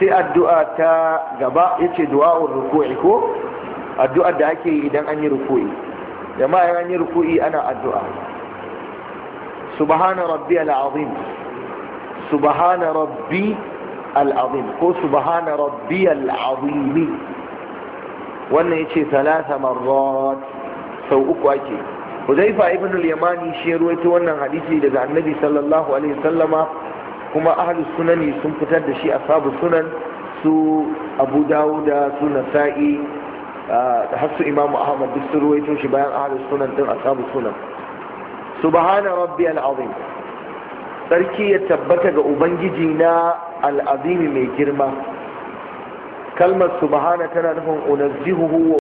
sai addu'a ta gaba yace du'a'ur ruku'i ko addu'a da ake yi idan an yi ruku'i jama'a an yi ruku'i ana addu'a subhana rabbiyal azim subhana rabbi al-azim ko subhana rabbiyal azim wannan yace talata marrat sau uku ake Huzaifa ibn al-Yamani shi ya ruwaito wannan hadisi daga Annabi sallallahu alaihi wasallama kuma ahli sunani sun fitar da shi ashabu sunan su abu dawuda su nasa'i har su imamu ahmad duk sun ruwaito shi bayan ahli sunan din ashabu sunan subhana rabbi al'azim sarki ya tabbata ga ubangiji na al'azimi mai girma kalmar subhana tana nufin unazzihuhu wa